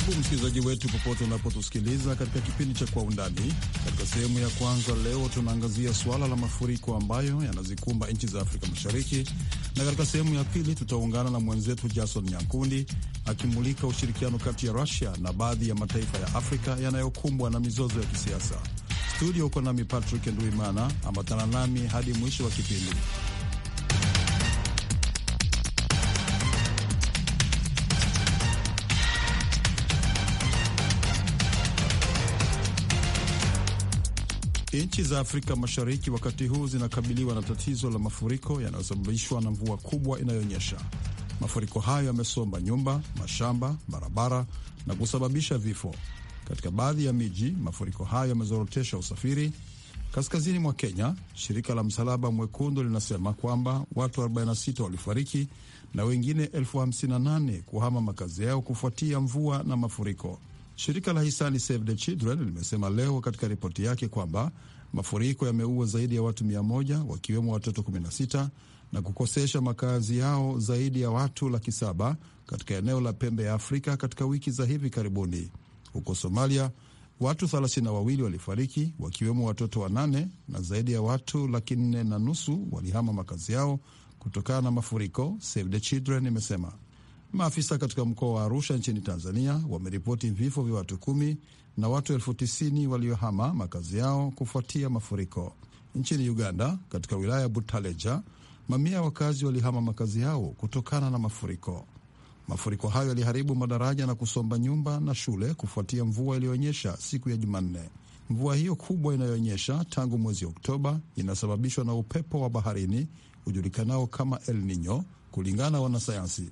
Karibu msikilizaji wetu popote unapotusikiliza katika kipindi cha Kwa Undani. Katika sehemu ya kwanza leo tunaangazia suala la mafuriko ambayo yanazikumba nchi za Afrika Mashariki, na katika sehemu ya pili tutaungana na mwenzetu Jason Nyankundi akimulika ushirikiano kati ya Rusia na baadhi ya mataifa ya Afrika yanayokumbwa na mizozo ya kisiasa. Studio uko nami Patrick Nduimana, ambatana nami hadi mwisho wa kipindi. Nchi za Afrika Mashariki wakati huu zinakabiliwa na tatizo la mafuriko yanayosababishwa na mvua kubwa inayonyesha. Mafuriko hayo yamesomba nyumba, mashamba, barabara na kusababisha vifo. Katika baadhi ya miji, mafuriko hayo yamezorotesha usafiri. Kaskazini mwa Kenya, shirika la Msalaba Mwekundu linasema kwamba watu 46 walifariki na wengine 58 kuhama makazi yao kufuatia mvua na mafuriko. Shirika la hisani Save the Children limesema leo katika ripoti yake kwamba Mafuriko yameua zaidi ya watu mia moja wakiwemo watoto 16 na kukosesha makazi yao zaidi ya watu laki saba katika eneo la pembe ya Afrika katika wiki za hivi karibuni. Huko Somalia, watu thelathini na wawili walifariki wakiwemo watoto wanane na zaidi ya watu laki nne na nusu walihama makazi yao kutokana na mafuriko, Save the Children imesema. Maafisa katika mkoa wa Arusha nchini Tanzania wameripoti vifo vya watu kumi na watu elfu tisini waliohama makazi yao kufuatia mafuriko. Nchini Uganda, katika wilaya ya Butaleja, mamia ya wakazi walihama makazi yao kutokana na mafuriko. Mafuriko hayo yaliharibu madaraja na kusomba nyumba na shule kufuatia mvua iliyoonyesha siku ya Jumanne. Mvua hiyo kubwa inayoonyesha tangu mwezi Oktoba inasababishwa na upepo wa baharini ujulikanao kama El Nino, kulingana na wanasayansi.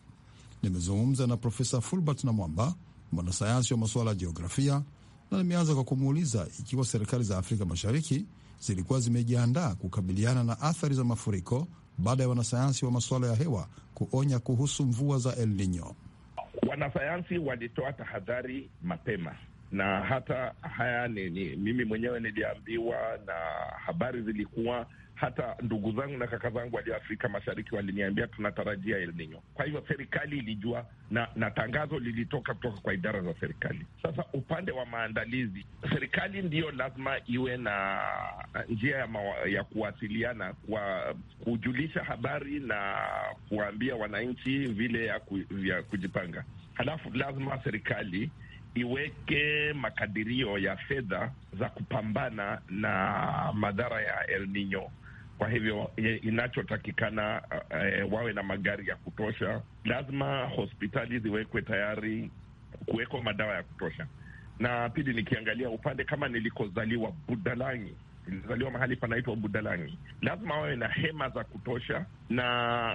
Nimezungumza na Profesa Fulbert na Mwamba, mwanasayansi wa masuala ya jiografia, na nimeanza kwa kumuuliza ikiwa serikali za Afrika Mashariki zilikuwa zimejiandaa kukabiliana na athari za mafuriko baada ya wanasayansi wa masuala ya hewa kuonya kuhusu mvua za El Nino. Wanasayansi walitoa tahadhari mapema na hata haya ni, ni, mimi mwenyewe niliambiwa na habari zilikuwa hata ndugu zangu na kaka zangu walio Afrika Mashariki waliniambia tunatarajia El Nino. Kwa hivyo serikali ilijua na, na tangazo lilitoka kutoka kwa idara za serikali. Sasa upande wa maandalizi, serikali ndiyo lazima iwe na njia ya, ya kuwasiliana kwa kujulisha habari na kuwaambia wananchi vile ya, ku, ya kujipanga. Halafu lazima serikali iweke makadirio ya fedha za kupambana na madhara ya El Nino kwa hivyo inachotakikana uh, wawe na magari ya kutosha. Lazima hospitali ziwekwe tayari kuwekwa madawa ya kutosha. Na pili, nikiangalia upande kama nilikozaliwa Budalangi, nilizaliwa mahali panaitwa Budalangi, lazima wawe na hema za kutosha, na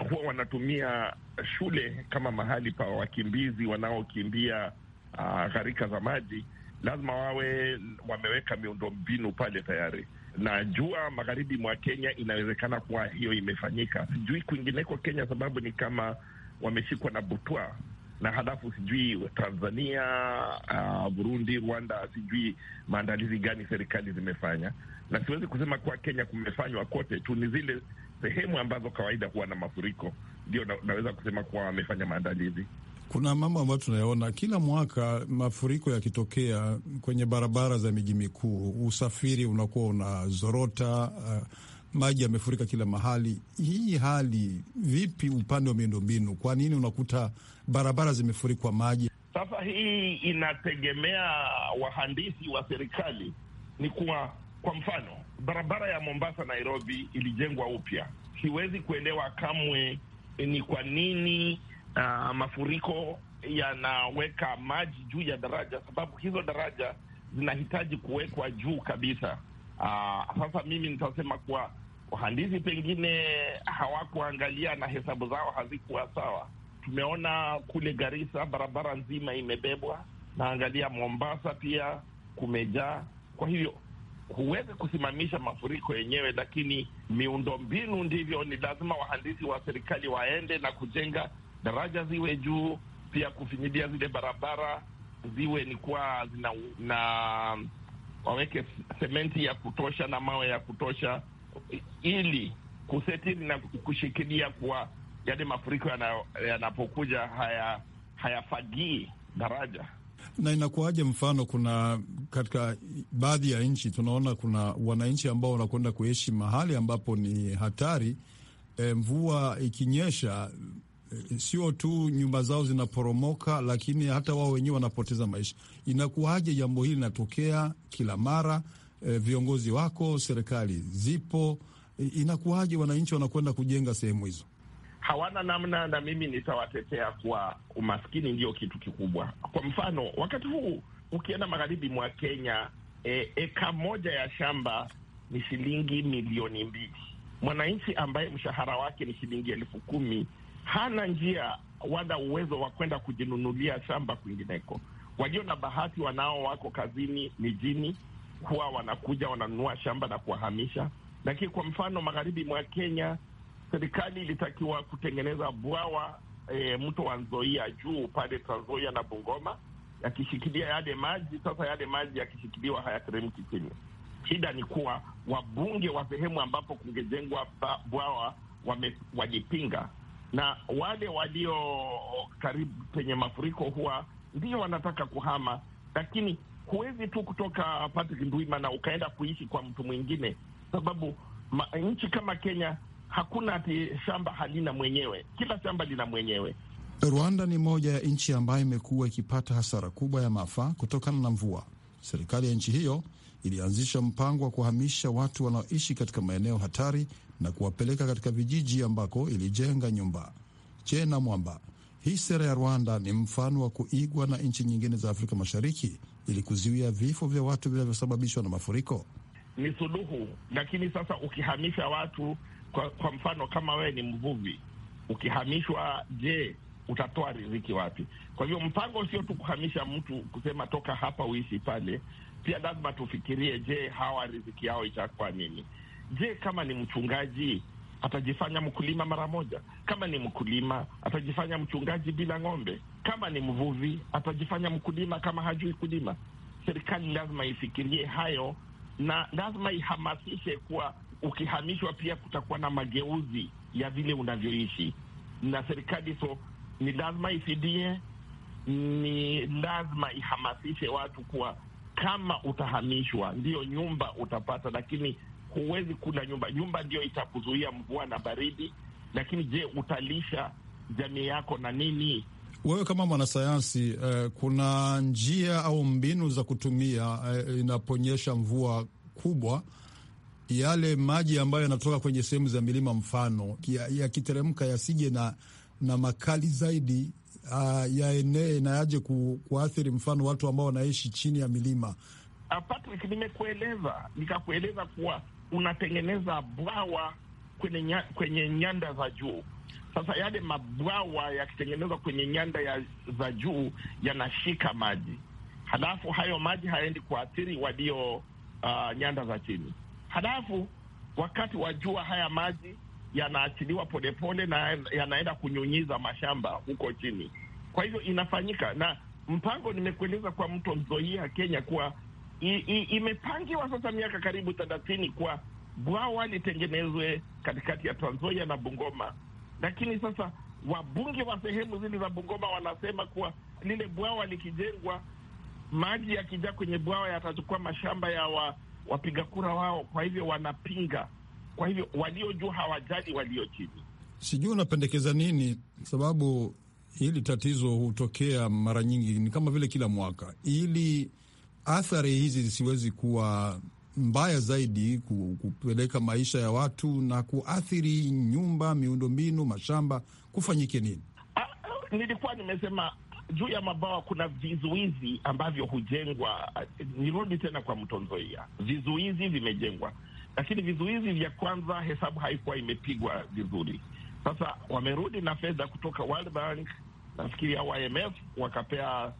huwa wanatumia shule kama mahali pa wakimbizi wanaokimbia uh, gharika za maji. Lazima wawe wameweka miundo mbinu pale tayari najua magharibi mwa Kenya inawezekana kuwa hiyo imefanyika, sijui kwingineko Kenya sababu ni kama wameshikwa na butwa na halafu sijui Tanzania, uh, Burundi, Rwanda, sijui maandalizi gani serikali zimefanya, na siwezi kusema kuwa Kenya kumefanywa kote tu, ni zile sehemu ambazo kawaida huwa na mafuriko ndio na, naweza kusema kuwa wamefanya maandalizi. Kuna mambo ambayo tunayaona kila mwaka, mafuriko yakitokea kwenye barabara za miji mikuu, usafiri unakuwa unazorota, uh, maji yamefurika kila mahali. Hii hali vipi upande wa miundombinu? Kwa nini unakuta barabara zimefurikwa maji? Sasa hii inategemea wahandisi wa serikali. Ni kuwa kwa mfano, barabara ya Mombasa Nairobi ilijengwa upya, siwezi kuelewa kamwe ni kwa nini uh, mafuriko yanaweka maji juu ya daraja, sababu hizo daraja zinahitaji kuwekwa juu kabisa. Uh, sasa mimi nitasema kuwa wahandisi pengine hawakuangalia na hesabu zao hazikuwa sawa. Tumeona kule Garissa barabara nzima imebebwa, naangalia Mombasa pia kumejaa. Kwa hivyo huwezi kusimamisha mafuriko yenyewe, lakini miundombinu ndivyo, ni lazima wahandisi wa serikali waende na kujenga daraja ziwe juu, pia kufinyilia zile barabara ziwe ni kuwa zina na waweke sementi ya kutosha na mawe ya kutosha, ili kusetiri na kushikilia kuwa yale mafuriko yanapokuja na, ya haya hayafagii daraja na inakuwaje? Mfano, kuna katika baadhi ya nchi tunaona kuna wananchi ambao wanakwenda kuishi mahali ambapo ni hatari e, mvua ikinyesha sio tu nyumba zao zinaporomoka, lakini hata wao wenyewe wanapoteza maisha. Inakuwaje jambo hili linatokea kila mara? E, viongozi wako, serikali zipo, e, inakuwaje wananchi wanakwenda kujenga sehemu hizo? Hawana namna, na mimi nitawatetea kuwa umaskini ndio kitu kikubwa. Kwa mfano, wakati huu ukienda magharibi mwa Kenya, e, eka moja ya shamba ni shilingi milioni mbili. Mwananchi ambaye mshahara wake ni shilingi elfu kumi hana njia wala uwezo wa kwenda kujinunulia shamba kwingineko. Walio na bahati wanao wako kazini mijini, huwa wanakuja wananunua shamba na kuwahamisha. Lakini kwa mfano magharibi mwa Kenya, serikali ilitakiwa kutengeneza bwawa e, mto wa Nzoia juu pale Trans Nzoia na Bungoma, yakishikilia yale maji. Sasa yale maji yakishikiliwa hayateremki chini. Shida ni kuwa wabunge wa sehemu ambapo kungejengwa bwawa wajipinga na wale walio karibu penye mafuriko huwa ndio wanataka kuhama, lakini huwezi tu kutoka Patrick na ukaenda kuishi kwa mtu mwingine, sababu ma, nchi kama Kenya hakuna ati shamba halina mwenyewe, kila shamba lina mwenyewe. Rwanda ni moja ya nchi ambayo imekuwa ikipata hasara kubwa ya maafa kutokana na mvua. Serikali ya nchi hiyo ilianzisha mpango wa kuhamisha watu wanaoishi katika maeneo hatari na kuwapeleka katika vijiji ambako ilijenga nyumba. Chena Mwamba, hii sera ya Rwanda ni mfano wa kuigwa na nchi nyingine za Afrika Mashariki ili kuzuia vifo vya watu vinavyosababishwa na mafuriko. Ni suluhu, lakini sasa ukihamisha watu kwa, kwa mfano kama wewe ni mvuvi ukihamishwa, je, utatoa riziki wapi? Kwa hivyo mpango sio tu kuhamisha mtu kusema toka hapa uishi pale, pia lazima tufikirie, je, hawa riziki yao itakuwa nini? Je, kama ni mchungaji atajifanya mkulima mara moja? Kama ni mkulima atajifanya mchungaji bila ng'ombe? Kama ni mvuvi atajifanya mkulima kama hajui kulima? Serikali lazima ifikirie hayo na lazima ihamasishe kuwa ukihamishwa pia kutakuwa na mageuzi ya vile unavyoishi na serikali. So ni lazima ifidie, ni lazima ihamasishe watu kuwa kama utahamishwa, ndiyo nyumba utapata, lakini huwezi kula nyumba. Nyumba ndio itakuzuia mvua na baridi, lakini je, utalisha jamii yako na nini? Wewe kama mwanasayansi eh, kuna njia au mbinu za kutumia eh, inaponyesha mvua kubwa, yale maji ambayo yanatoka kwenye sehemu za milima mfano yakiteremka ya yasije na, na makali zaidi uh, yaenee na yaje ku, kuathiri mfano watu ambao wanaishi chini ya milima. Ah, Patrick, nimekueleza nikakueleza kuwa unatengeneza bwawa kwenye, nya, kwenye nyanda za juu. Sasa yale mabwawa yakitengenezwa kwenye nyanda ya, za juu yanashika maji, halafu hayo maji hayaendi kuathiri walio uh, nyanda za chini. Halafu wakati wa jua haya maji yanaachiliwa polepole na yanaenda kunyunyiza mashamba huko chini. Kwa hivyo inafanyika na mpango nimekueleza kwa mto Nzoia Kenya kuwa imepangiwa sasa miaka karibu thelathini kwa bwawa litengenezwe katikati ya tanzoia na Bungoma, lakini sasa wabunge wa sehemu zile za Bungoma wanasema kuwa lile bwawa likijengwa, maji yakijaa kwenye bwawa yatachukua mashamba ya wa, wapiga kura wao. Kwa hivyo wanapinga, kwa hivyo walio juu hawajali walio chini. Sijui unapendekeza nini? Sababu hili tatizo hutokea mara nyingi, ni kama vile kila mwaka ili athari hizi zisiwezi kuwa mbaya zaidi kupeleka maisha ya watu na kuathiri nyumba, miundombinu, mashamba, kufanyike nini? Ah, nilikuwa nimesema juu ya mabawa kuna vizuizi ambavyo hujengwa. Nirudi tena kwa mtonzoia vizuizi vimejengwa, lakini vizuizi vya kwanza hesabu haikuwa imepigwa vizuri. Sasa wamerudi na fedha kutoka World Bank, nafikiri au IMF, wakapea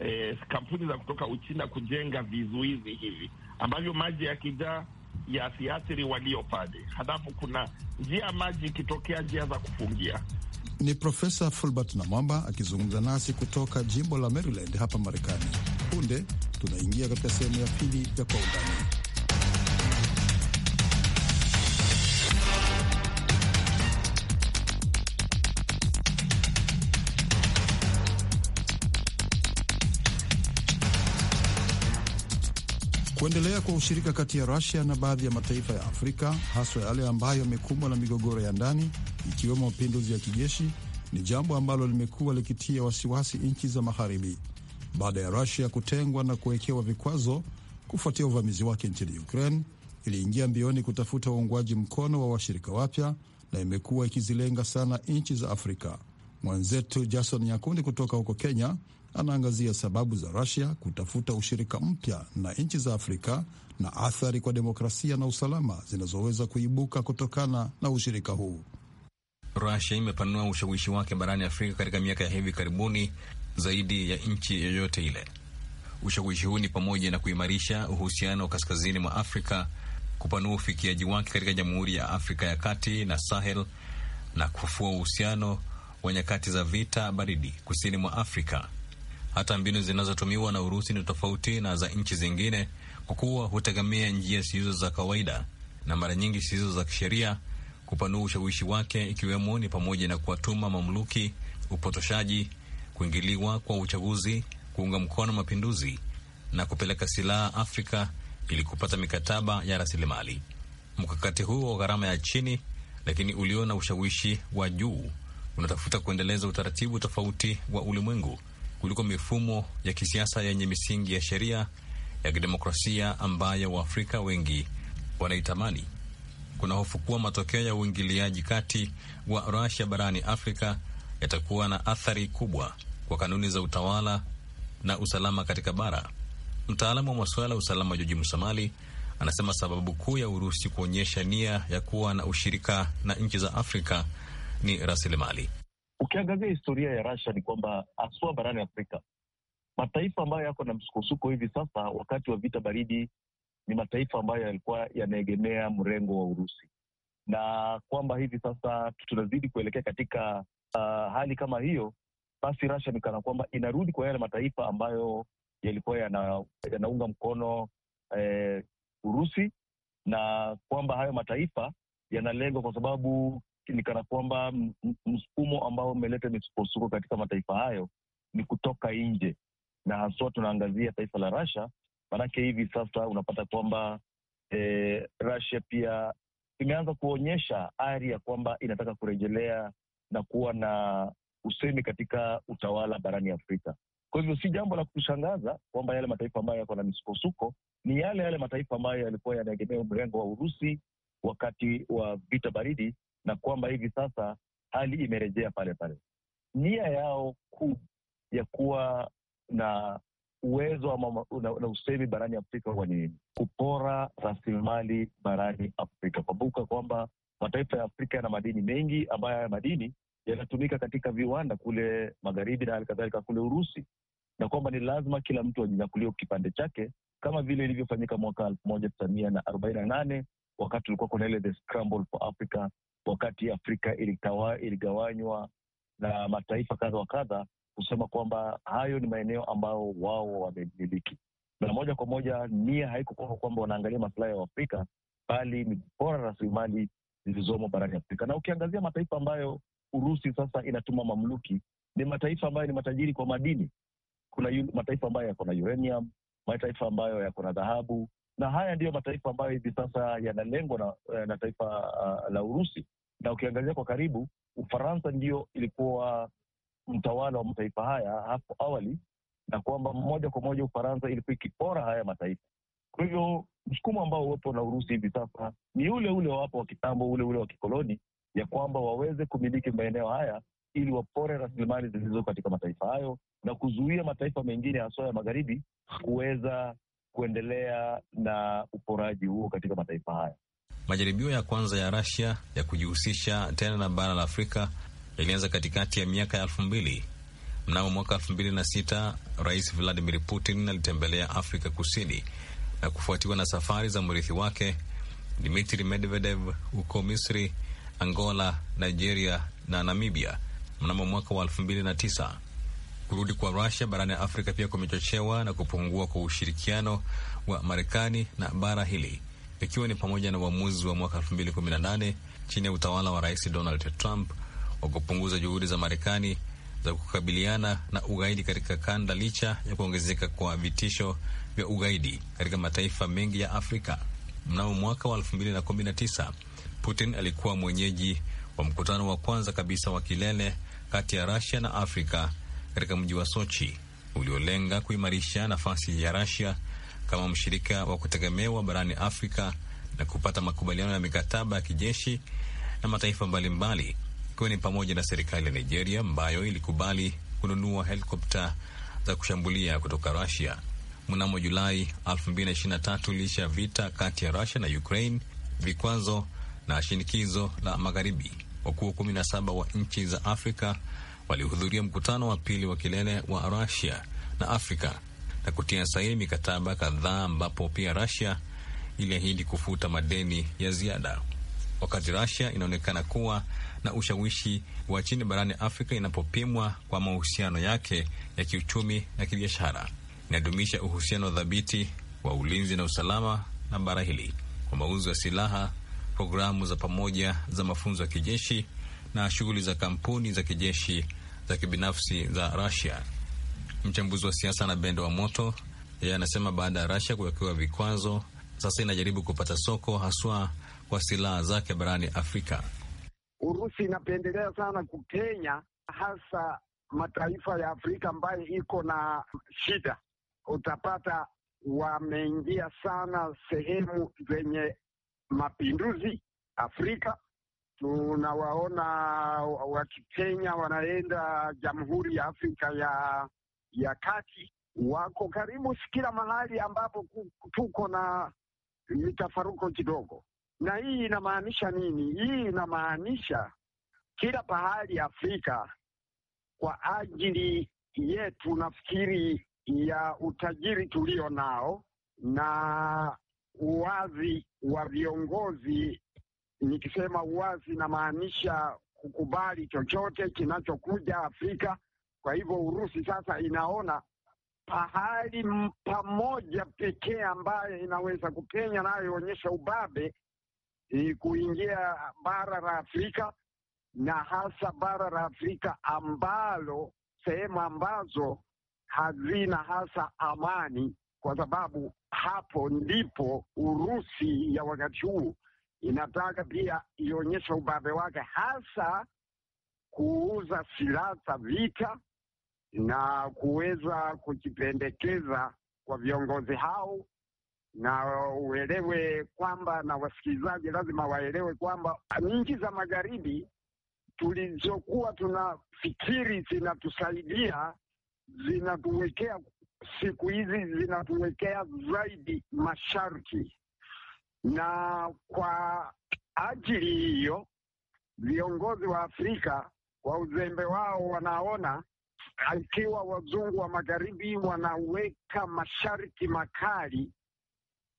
eh, kampuni za kutoka Uchina kujenga vizuizi hivi ambavyo maji yakijaa yasiathiri walio pale. Halafu kuna njia maji ikitokea njia za kufungia. Ni Profesa Fulbert Namwamba akizungumza nasi kutoka jimbo la Maryland hapa Marekani. Punde tunaingia katika sehemu ya pili ya Kwa Undani. Kuendelea kwa ushirika kati ya Rusia na baadhi ya mataifa ya Afrika, haswa yale ambayo yamekumbwa na migogoro ya ndani ikiwemo mapinduzi ya kijeshi, ni jambo ambalo limekuwa likitia wasiwasi nchi za Magharibi baada ya Rusia kutengwa na kuwekewa vikwazo kufuatia uvamizi wake nchini Ukraine. Iliingia mbioni kutafuta uungwaji mkono wa washirika wapya na imekuwa ikizilenga sana nchi za Afrika. Mwenzetu Jason Nyakundi kutoka huko Kenya anaangazia sababu za rasia kutafuta ushirika mpya na nchi za Afrika na athari kwa demokrasia na usalama zinazoweza kuibuka kutokana na ushirika huu. Rusia imepanua ushawishi wake barani Afrika katika miaka ya hivi karibuni zaidi ya nchi yoyote ile. Ushawishi huu ni pamoja na kuimarisha uhusiano wa kaskazini mwa Afrika, kupanua ufikiaji wake katika Jamhuri ya Afrika ya Kati na Sahel, na kufufua uhusiano wa nyakati za vita baridi kusini mwa Afrika hata mbinu zinazotumiwa na Urusi ni tofauti na za nchi zingine, kwa kuwa hutegemea njia zisizo za kawaida na mara nyingi zisizo za kisheria kupanua ushawishi wake, ikiwemo ni pamoja na kuwatuma mamluki, upotoshaji, kuingiliwa kwa uchaguzi, kuunga mkono mapinduzi na kupeleka silaha Afrika ili kupata mikataba ya rasilimali. Mkakati huo wa gharama ya chini lakini ulio na ushawishi wa juu unatafuta kuendeleza utaratibu tofauti wa ulimwengu kuliko mifumo ya kisiasa yenye misingi ya sheria ya kidemokrasia ambayo Waafrika wengi wanaitamani. Kuna hofu kuwa matokeo ya uingiliaji kati wa Russia barani Afrika yatakuwa na athari kubwa kwa kanuni za utawala na usalama katika bara. Mtaalamu wa masuala ya usalama Joji Musamali anasema sababu kuu ya Urusi kuonyesha nia ya kuwa na ushirika na nchi za Afrika ni rasilimali. Ukiangazia historia ya Russia ni kwamba haswa barani Afrika, mataifa ambayo yako na msukosuko hivi sasa wakati wa vita baridi ni mataifa ambayo yalikuwa yanaegemea mrengo wa Urusi, na kwamba hivi sasa tunazidi kuelekea katika uh, hali kama hiyo, basi Russia ni kana kwamba inarudi kwa yale mataifa ambayo yalikuwa yana, yanaunga mkono eh, Urusi na kwamba hayo mataifa yanalengwa kwa sababu ni kana kwamba msukumo ambao umeleta misukosuko katika mataifa hayo ni kutoka nje, na haswa tunaangazia taifa la Russia, maanake hivi sasa unapata kwamba e, Russia pia imeanza kuonyesha ari ya kwamba inataka kurejelea na kuwa na usemi katika utawala barani Afrika. Kwa hivyo si jambo la kushangaza kwamba yale mataifa ambayo yako na misukosuko ni yale yale mataifa ambayo yalikuwa yanaegemea mrengo wa Urusi wakati wa vita baridi na kwamba hivi sasa hali imerejea pale pale. Nia yao kuu ya kuwa na uwezo ama na usemi barani Afrika huwa ni kupora rasilimali barani Afrika. Kumbuka kwamba mataifa ya Afrika yana madini mengi ambayo haya madini yanatumika katika viwanda kule magharibi na hali kadhalika kule Urusi, na kwamba ni lazima kila mtu ajinyakulie kipande chake kama vile ilivyofanyika mwaka elfu moja tisa mia na arobaini na nane wakati ulikuwa kuna ile the scramble for Africa wakati Afrika ilitawa, iligawanywa na mataifa kadha wa kadha, kusema kwamba hayo ni maeneo ambayo wao wamemiliki, na moja kwa moja nia haikukuwa kwamba wanaangalia masilahi ya afrika bali ni bora rasilimali zilizomo barani Afrika. Na ukiangazia mataifa ambayo Urusi sasa inatuma mamluki, ni mataifa ambayo ni matajiri kwa madini. Kuna mataifa ambayo yako na uranium, mataifa ambayo yako na dhahabu, na haya ndiyo mataifa ambayo hivi sasa yanalengwa na, eh, na taifa uh, la Urusi na ukiangalia kwa karibu, Ufaransa ndio ilikuwa mtawala wa mataifa haya hapo awali, na kwamba moja kwa moja Ufaransa ilikuwa ikipora haya mataifa. Kwa hivyo msukumo ambao uwepo na Urusi hivi sasa ni ule ule wapo wa kitambo, ule ule wa kikoloni, ya kwamba waweze kumiliki maeneo haya ili wapore rasilimali zilizo katika mataifa hayo na kuzuia mataifa mengine haswa ya magharibi kuweza kuendelea na uporaji huo katika mataifa haya. Majaribio ya kwanza ya rasia ya kujihusisha tena na bara la Afrika yalianza katikati ya miaka ya elfu mbili. Mnamo mwaka elfu mbili na sita Rais Vladimir Putin alitembelea Afrika Kusini na kufuatiwa na safari za mrithi wake Dmitri Medvedev huko Misri, Angola, Nigeria na Namibia mnamo mwaka wa elfu mbili na tisa. Kurudi kwa Rusia barani Afrika pia kumechochewa na kupungua kwa ushirikiano wa Marekani na bara hili ikiwa ni pamoja na uamuzi wa mwaka 2018 chini ya utawala wa Rais Donald Trump wa kupunguza juhudi za Marekani za kukabiliana na ugaidi katika kanda licha ya kuongezeka kwa vitisho vya ugaidi katika mataifa mengi ya Afrika. Mnamo mwaka wa 2019 Putin alikuwa mwenyeji wa mkutano wa kwanza kabisa wa kilele kati ya rasia na Afrika katika mji wa Sochi uliolenga kuimarisha nafasi ya rasia kama mshirika wa kutegemewa barani Afrika na kupata makubaliano ya mikataba ya kijeshi na mataifa mbalimbali, ikiwa ni pamoja na serikali ya Nigeria ambayo ilikubali kununua helikopta za kushambulia kutoka Rusia mnamo Julai 2023 licha ya vita kati ya Rusia na Ukraine, vikwazo na shinikizo la Magharibi. Wakuu 17 wa nchi za Afrika walihudhuria mkutano wa pili wa kilele wa Rusia na Afrika na kutia saini mikataba kadhaa ambapo pia Russia iliahidi kufuta madeni ya ziada. Wakati Russia inaonekana kuwa na ushawishi wa chini barani Afrika inapopimwa kwa mahusiano yake ya kiuchumi na kibiashara, inadumisha uhusiano dhabiti wa ulinzi na usalama na bara hili kwa mauzo ya silaha, programu za pamoja za mafunzo ya kijeshi na shughuli za kampuni za kijeshi za kibinafsi za Russia mchambuzi wa siasa na Bendo wa Moto, yeye anasema baada ya rasha kuwekewa vikwazo, sasa inajaribu kupata soko haswa kwa silaha zake barani Afrika. Urusi inapendelea sana kupenya hasa mataifa ya Afrika ambayo iko na shida. Utapata wameingia sana sehemu zenye mapinduzi Afrika. Tunawaona wakipenya, wanaenda Jamhuri ya Afrika ya ya kati wako karibu kila mahali ambapo tuko na mitafaruko kidogo. Na hii inamaanisha nini? Hii inamaanisha kila pahali Afrika kwa ajili yetu, nafikiri ya utajiri tulio nao na uwazi wa viongozi. Nikisema uwazi, namaanisha kukubali chochote kinachokuja Afrika kwa hivyo Urusi sasa inaona pahali pamoja pekee ambayo inaweza kupenya nayo onyesha ubabe ni kuingia bara la Afrika na hasa bara la Afrika ambalo sehemu ambazo hazina hasa amani, kwa sababu hapo ndipo Urusi ya wakati huu inataka pia ionyesha ubabe wake, hasa kuuza silaha za vita na kuweza kujipendekeza kwa viongozi hao, na uelewe kwamba, na wasikilizaji lazima waelewe kwamba nchi za magharibi tulizokuwa tunafikiri zinatusaidia zinatuwekea siku hizi zinatuwekea zaidi masharti, na kwa ajili hiyo viongozi wa Afrika kwa uzembe wao wanaona ikiwa wazungu wa magharibi wanaweka masharti makali,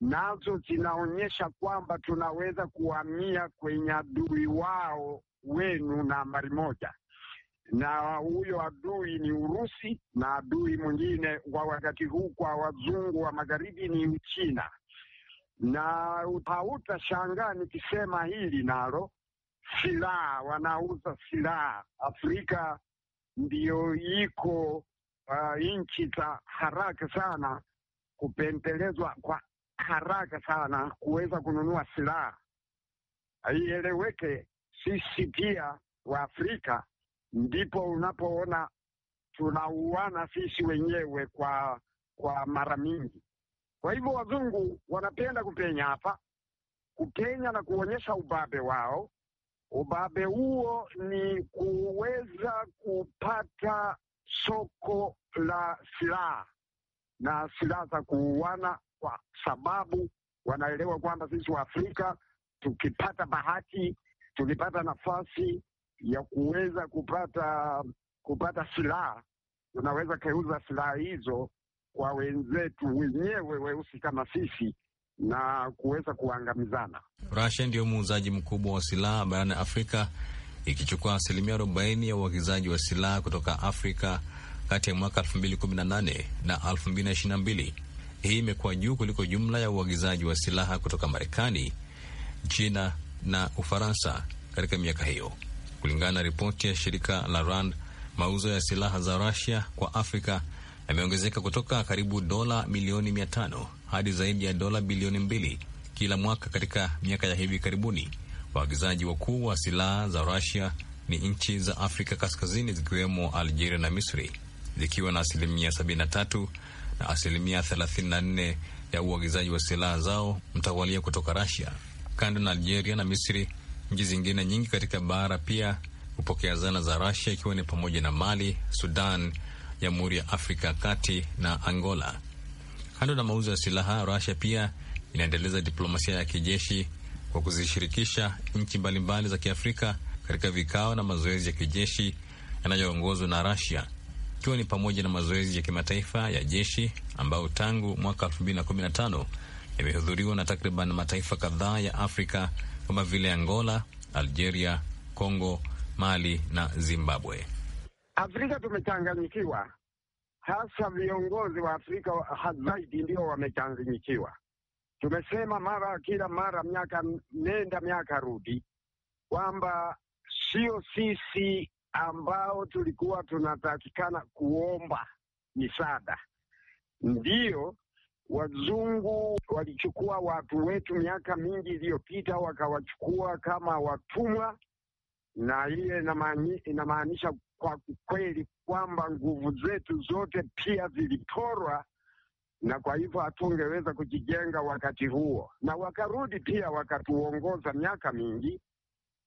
nazo zinaonyesha kwamba tunaweza kuhamia kwenye adui wao wenu nambari moja, na huyo adui ni Urusi, na adui mwingine kwa wakati huu kwa wazungu wa magharibi ni Uchina, na hautashangaa nikisema hili nalo, silaha wanauza silaha Afrika ndiyo iko uh, nchi za haraka sana kupendelezwa kwa haraka sana kuweza kununua silaha. Haieleweke, sisi pia wa Afrika ndipo unapoona tunauana sisi wenyewe kwa kwa mara mingi. Kwa hivyo wazungu wanapenda kupenya hapa, kupenya na kuonyesha ubabe wao Ubabe huo ni kuweza kupata soko la silaha na silaha za kuuana, kwa sababu wanaelewa kwamba sisi wa Afrika tukipata bahati, tukipata nafasi ya kuweza kupata kupata silaha, tunaweza kuuza silaha hizo kwa wenzetu wenyewe weusi kama sisi na kuweza kuangamizana. Russia ndiyo muuzaji mkubwa wa silaha barani Afrika, ikichukua asilimia arobaini ya uagizaji wa silaha kutoka Afrika kati ya mwaka 2018 na 2022. Hii imekuwa juu kuliko jumla ya uagizaji wa silaha kutoka Marekani, China na Ufaransa katika miaka hiyo. Kulingana na ripoti ya shirika la RAND, mauzo ya silaha za Rusia kwa Afrika yameongezeka kutoka karibu dola milioni mia tano hadi zaidi ya dola bilioni mbili kila mwaka katika miaka ya hivi karibuni. Waagizaji wakuu wa silaha za Rusia ni nchi za Afrika Kaskazini, zikiwemo Algeria na Misri, zikiwa na asilimia 73 na asilimia 34 ya uagizaji wa silaha zao mtawalia kutoka Rusia. Kando na Algeria na Misri, nchi zingine nyingi katika bara pia hupokea zana za Rusia, ikiwa ni pamoja na Mali, Sudan, Jamhuri ya Afrika ya Kati na Angola. Kando na mauzo ya silaha, Russia pia inaendeleza diplomasia ya kijeshi kwa kuzishirikisha nchi mbalimbali za Kiafrika katika vikao na mazoezi ya kijeshi yanayoongozwa na Russia, ikiwa ni pamoja na mazoezi ya kimataifa ya jeshi ambayo tangu mwaka 2015 yamehudhuriwa na takriban mataifa kadhaa ya Afrika kama vile Angola, Algeria, Kongo, Mali na Zimbabwe. Afrika tumechanganyikiwa hasa viongozi wa Afrika zaidi ndio wamechanganyikiwa. Tumesema mara kila mara, miaka nenda miaka rudi, kwamba sio sisi ambao tulikuwa tunatakikana kuomba misaada, ndio wazungu walichukua watu wetu miaka mingi iliyopita, wakawachukua kama watumwa na hiyo inamaanisha kwa kweli kwamba nguvu zetu zote pia ziliporwa, na kwa hivyo hatungeweza kujijenga wakati huo, na wakarudi pia wakatuongoza miaka mingi,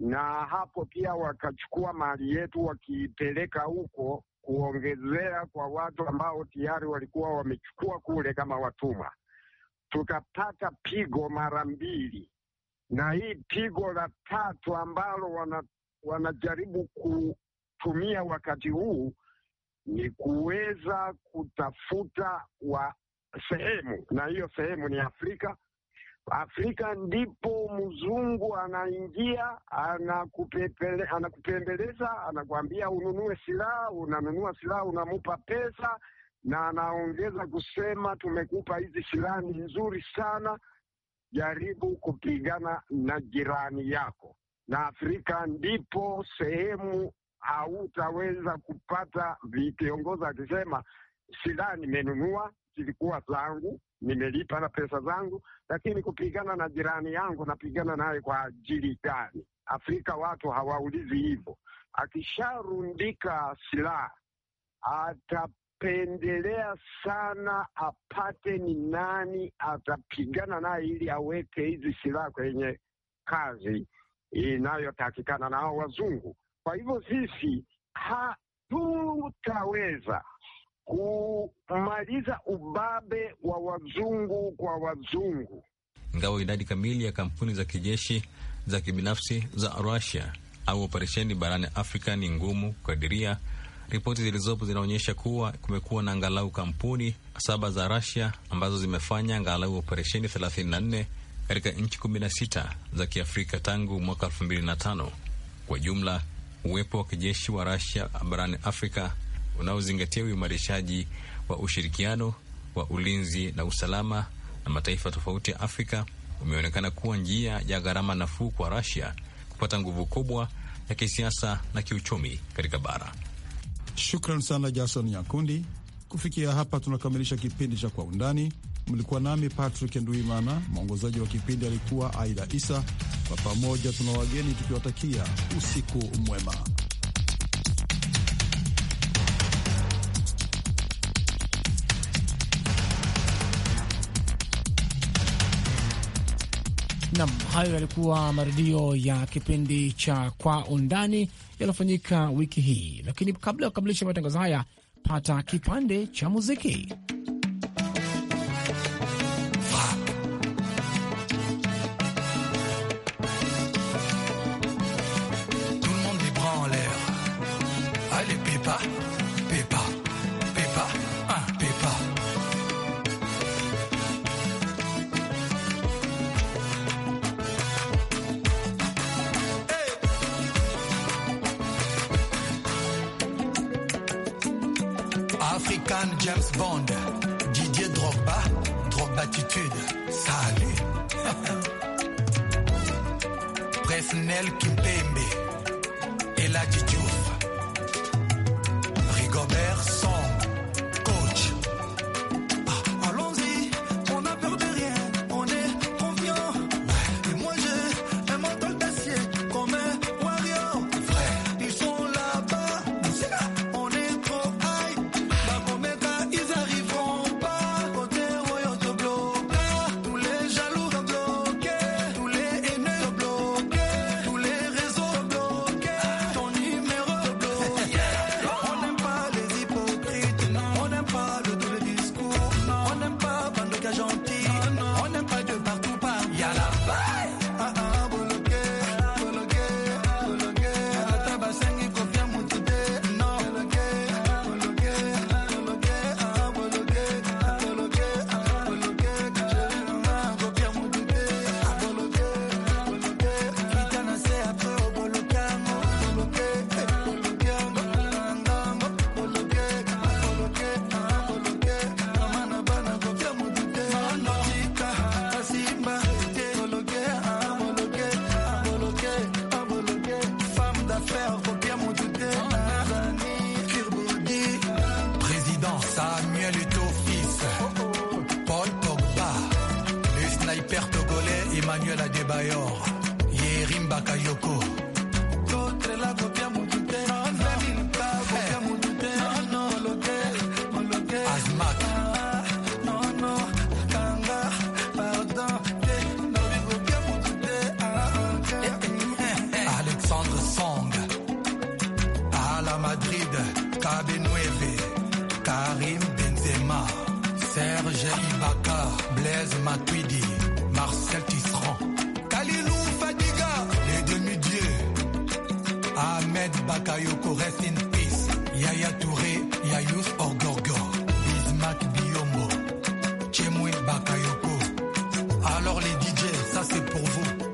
na hapo pia wakachukua mali yetu wakiipeleka huko kuongezea kwa watu ambao tayari walikuwa wamechukua kule kama watumwa. Tukapata pigo mara mbili, na hii pigo la tatu ambalo wana wanajaribu kutumia wakati huu ni kuweza kutafuta wa sehemu, na hiyo sehemu ni Afrika. Afrika ndipo mzungu anaingia, anakupepele, anakupembeleza, anakuambia ununue silaha, unanunua silaha, unamupa pesa, na anaongeza kusema tumekupa hizi silaha, ni nzuri sana, jaribu kupigana na jirani yako na Afrika ndipo sehemu hautaweza kupata vikiongozi akisema silaha nimenunua, zilikuwa zangu, nimelipa na pesa zangu, lakini kupigana na jirani yangu napigana naye kwa ajili gani? Afrika watu hawaulizi hivyo. Akisharundika silaha atapendelea sana apate ni nani atapigana naye ili aweke hizi silaha kwenye kazi inayotakikana na hao wazungu. Kwa hivyo sisi hatutaweza kumaliza ubabe wa wazungu kwa wazungu. Ingawa idadi kamili ya kampuni za kijeshi za kibinafsi za Russia au operesheni barani Afrika ni ngumu kukadiria, ripoti zilizopo zinaonyesha kuwa kumekuwa na angalau kampuni saba za Russia ambazo zimefanya angalau operesheni 34 katika nchi 16 za Kiafrika tangu mwaka 2005. Kwa jumla, uwepo wa kijeshi wa Russia barani Afrika unaozingatia uimarishaji wa ushirikiano wa ulinzi na usalama na mataifa tofauti ya Afrika umeonekana kuwa njia ya gharama nafuu kwa Russia kupata nguvu kubwa ya kisiasa na kiuchumi katika bara. Shukran sana Jason Nyakundi. Kufikia hapa tunakamilisha kipindi cha Kwa Undani. Mlikuwa nami Patrick Nduimana, mwongozaji wa kipindi alikuwa Aida Isa. Kwa pamoja tuna wageni tukiwatakia usiku mwema. Nam, hayo yalikuwa marudio ya kipindi cha Kwa Undani yaliyofanyika wiki hii, lakini kabla ya kukamilisha matangazo haya, pata kipande cha muziki. Bayor, Yerim Bakayoko. Alors les DJ, ça c'est pour vous.